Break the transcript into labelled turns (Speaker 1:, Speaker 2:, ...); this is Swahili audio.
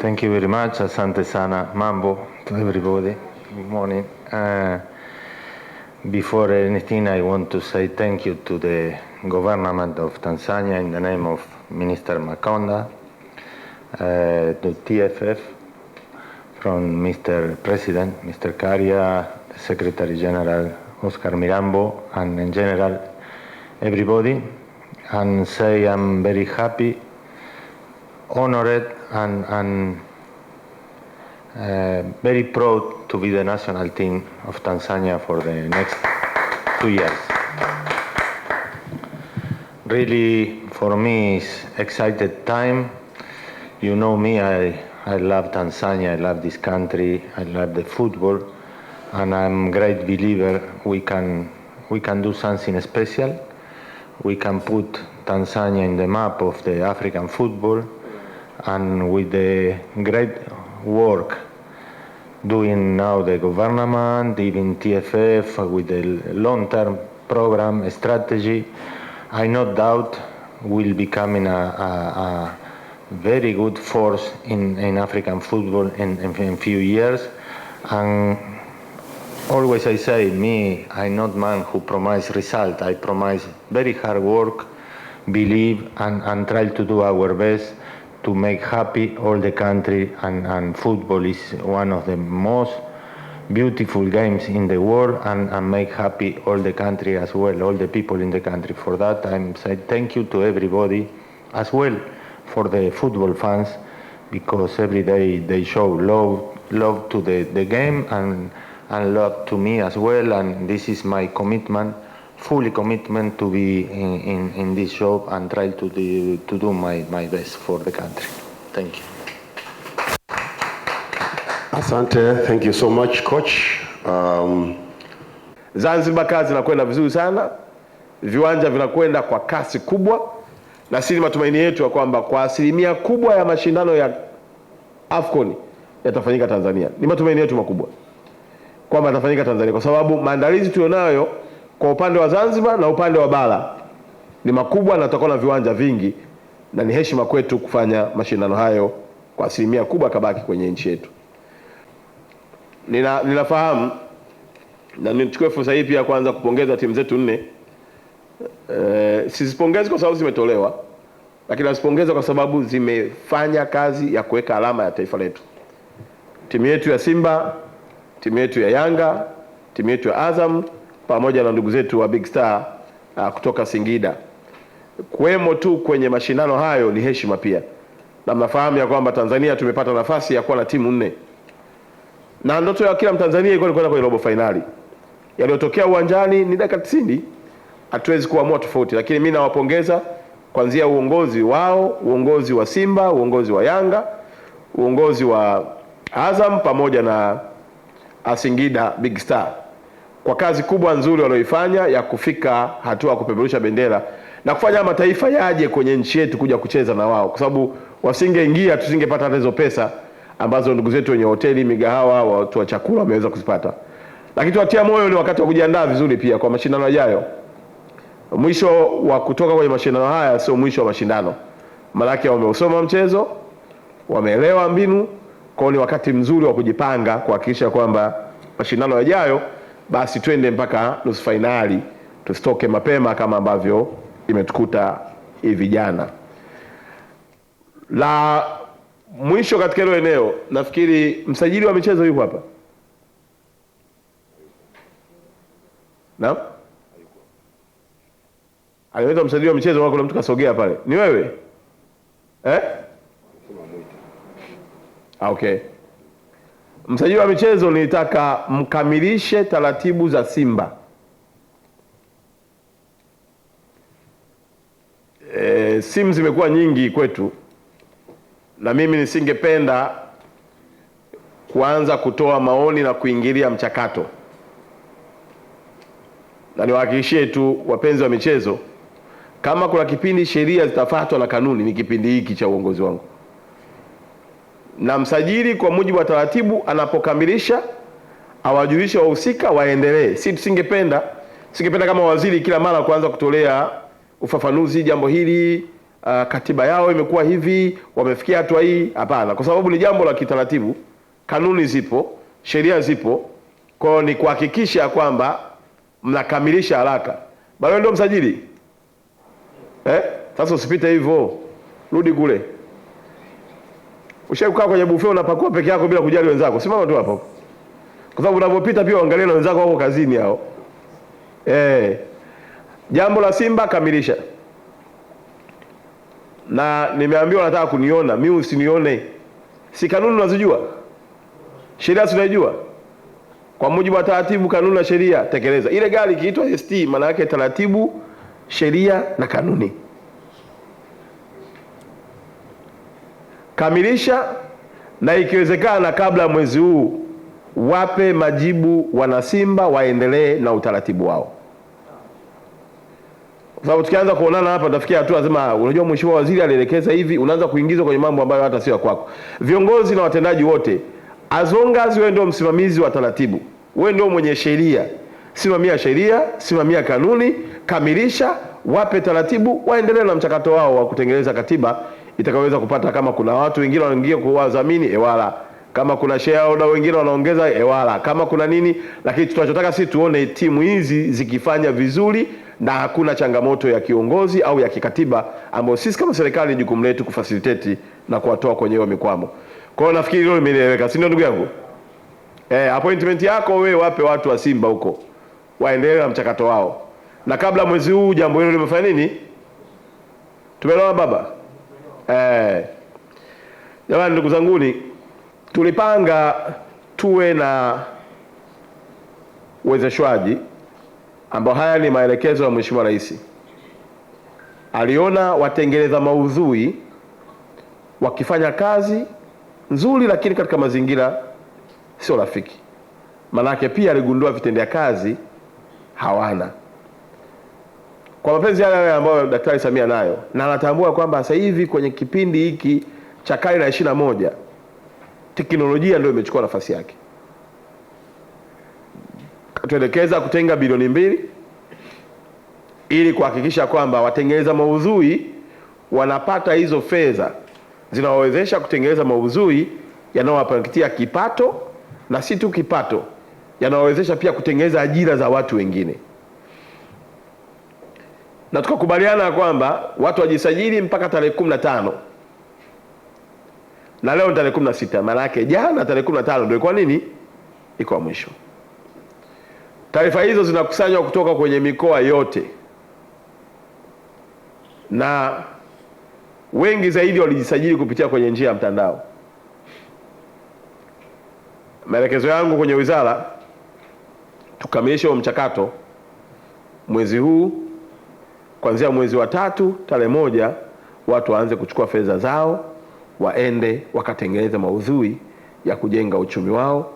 Speaker 1: Thank you very much. Asante sana. Mambo to everybody. Good morning. Uh, before anything, I want to say thank you to the government of Tanzania in the name of Minister Makonda, uh, to TFF, from Mr. President, Mr. Karia, Secretary General Oscar Mirambo, and in general, everybody, and say I'm very happy honored and, and uh, very proud to be the national team of Tanzania for the next two years. Really, for me, it's excited time. You know me, I, I love Tanzania, I love this country, I love the football, and I'm great believer we can, we can do something special. We can put Tanzania in the map of the African football and with the great work doing now the government, even TFF, with the long-term program strategy, I no doubt will become a, a, a very good force in, in African football in a few years. And always I say, me, I'm not man who promise result. I promise very hard work, believe, and, and try to do our best to make happy all the country and, and football is one of the most beautiful games in the world and, and make happy all the country as well, all the people in the country. For that, I'm say thank you to everybody as well for the football fans because every day they show love, love to the, the game and, and love to me as well. And this is my commitment fully commitment to be in, in, in this job and try to do, to do my, my best for the country. Thank you.
Speaker 2: Asante, thank you so much coach. Um, Zanzibar kazi zinakwenda vizuri sana, viwanja vinakwenda kwa kasi kubwa, na sisi matumaini yetu ya kwamba kwa asilimia kubwa ya mashindano ya AFCON yatafanyika Tanzania. Ni matumaini yetu makubwa kwamba yatafanyika Tanzania kwa sababu maandalizi tulionayo kwa upande wa Zanzibar na upande wa bara ni makubwa na tutakuwa na viwanja vingi, na ni heshima kwetu kufanya mashindano hayo kwa asilimia kubwa kabaki kwenye nchi yetu. Nina, ninafahamu na nichukue fursa hii pia kwanza kupongeza timu zetu nne. E, sizipongezi kwa sababu zimetolewa, lakini nazipongeza kwa sababu zimefanya kazi ya kuweka alama ya taifa letu. Timu yetu ya Simba, timu yetu ya Yanga, timu yetu ya Azam pamoja na ndugu zetu wa Big Star uh, kutoka Singida. Kuwemo tu kwenye mashindano hayo ni heshima pia, na mnafahamu ya kwamba Tanzania tumepata nafasi ya kuwa na timu nne na ndoto ya kila Mtanzania ilikuwa ni kwenda kwenye robo fainali. Yaliyotokea uwanjani ni dakika 90, hatuwezi kuamua tofauti, lakini mimi nawapongeza kuanzia uongozi wao, uongozi wa Simba, uongozi wa Yanga, uongozi wa Azam pamoja na Asingida ah, Big Star kwa kazi kubwa nzuri walioifanya ya kufika hatua ya kupeperusha bendera na kufanya mataifa yaje kwenye nchi yetu kuja kucheza na wao, kwa sababu wasingeingia tusingepata hata hizo pesa ambazo ndugu zetu wenye hoteli, migahawa, watu wa chakula wameweza kuzipata. Lakini tuwatia moyo, ni wakati wa kujiandaa vizuri pia kwa mashindano yajayo. Mwisho wa kutoka kwenye mashindano haya sio mwisho wa mashindano, maanake wameusoma mchezo, wameelewa mbinu kwao. Ni wakati mzuri wa kujipanga kuhakikisha kwamba mashindano yajayo basi twende mpaka nusu fainali, tusitoke mapema kama ambavyo imetukuta hivi jana. La mwisho katika hilo eneo, nafikiri msajili wa michezo yuko hapa, na aliweza msajili wa michezo. Kuna mtu kasogea pale, ni wewe eh? Ah, okay. Msajili wa michezo, nilitaka mkamilishe taratibu za Simba. E, simu zimekuwa nyingi kwetu na mimi nisingependa kuanza kutoa maoni na kuingilia mchakato, na niwahakikishie tu wapenzi wa michezo, kama kuna kipindi sheria zitafuatwa na kanuni, ni kipindi hiki cha uongozi wangu na msajili kwa mujibu wa taratibu anapokamilisha awajulishe wahusika waendelee. Si tusingependa singependa kama waziri kila mara kuanza kutolea ufafanuzi jambo hili, uh, katiba yao imekuwa hivi, wamefikia hatua hii. Hapana, kwa sababu ni jambo la kitaratibu, kanuni zipo, sheria zipo, kwao ni kuhakikisha kwamba mnakamilisha haraka. Bado ndio msajili eh? Sasa usipite hivyo, rudi kule. Ushakaa kwenye bufe unapakua peke yako bila kujali wenzako. Simama tu hapo. Kwa sababu unavyopita pia uangalie na wenzako wako kazini hao. Eh. Jambo la Simba kamilisha. Na nimeambiwa nataka kuniona, mimi usinione. Si kanuni unazijua? Sheria tunaijua. Kwa mujibu wa taratibu, kanuni na sheria, tekeleza. Ile gari ikiitwa ST maana yake taratibu, sheria na kanuni. kamilisha, na ikiwezekana kabla ya mwezi huu wape majibu wanasimba, waendelee na utaratibu wao, kwa sababu tukianza kuonana hapa tutafikia hatua sema, unajua mheshimiwa waziri alielekeza hivi, unaanza kuingizwa kwenye mambo ambayo hata sio kwako. Viongozi na watendaji wote, as long as wewe ndio msimamizi wa taratibu, wewe ndio mwenye sheria, simamia sheria, simamia kanuni, kamilisha, wape taratibu, waendelee na mchakato wao wa kutengeneza katiba itakaweza kupata. Kama kuna watu wengine wanaingia kuwadhamini, ewala. Kama kuna shareholder wengine wanaongeza, ewala. Kama kuna nini, lakini tunachotaka sisi tuone timu hizi zikifanya vizuri na hakuna changamoto ya kiongozi au ya kikatiba ambayo sisi kama serikali jukumu letu kufasiliteti na kuwatoa kwenye hiyo mikwamo. Kwa hiyo nafikiri hilo limeeleweka, si ndio ndugu yangu? Eh, appointment yako wewe wape watu wa Simba huko waendelee na mchakato wao, na kabla mwezi huu jambo hilo limefanya nini? Tumeelewa baba? Eh. Jamani eh, ndugu zanguni, tulipanga tuwe na uwezeshwaji ambao haya ni maelekezo ya Mheshimiwa Rais. Aliona watengeneza maudhui wakifanya kazi nzuri, lakini katika mazingira sio rafiki, manake pia aligundua vitendea kazi hawana kwa mapenzi yale yale ambayo Daktari Samia nayo na anatambua kwamba sasa hivi kwenye kipindi hiki cha karne ya ishirini na moja teknolojia ndio imechukua nafasi yake. Tuelekeza kutenga bilioni mbili ili kuhakikisha kwamba watengeneza maudhui wanapata hizo fedha zinawawezesha kutengeneza maudhui yanayowapatia kipato na si tu kipato, yanawawezesha pia kutengeneza ajira za watu wengine na tukakubaliana kwamba watu wajisajili mpaka tarehe kumi na tano na leo ni tarehe kumi na sita maana yake jana tarehe kumi na tano ndio ilikuwa nini, iko mwisho. Taarifa hizo zinakusanywa kutoka kwenye mikoa yote na wengi zaidi walijisajili kupitia kwenye njia ya mtandao. Maelekezo yangu kwenye wizara, tukamilishe huo mchakato mwezi huu kuanzia mwezi wa tatu tarehe moja watu waanze kuchukua fedha zao waende wakatengeneza maudhui ya kujenga uchumi wao.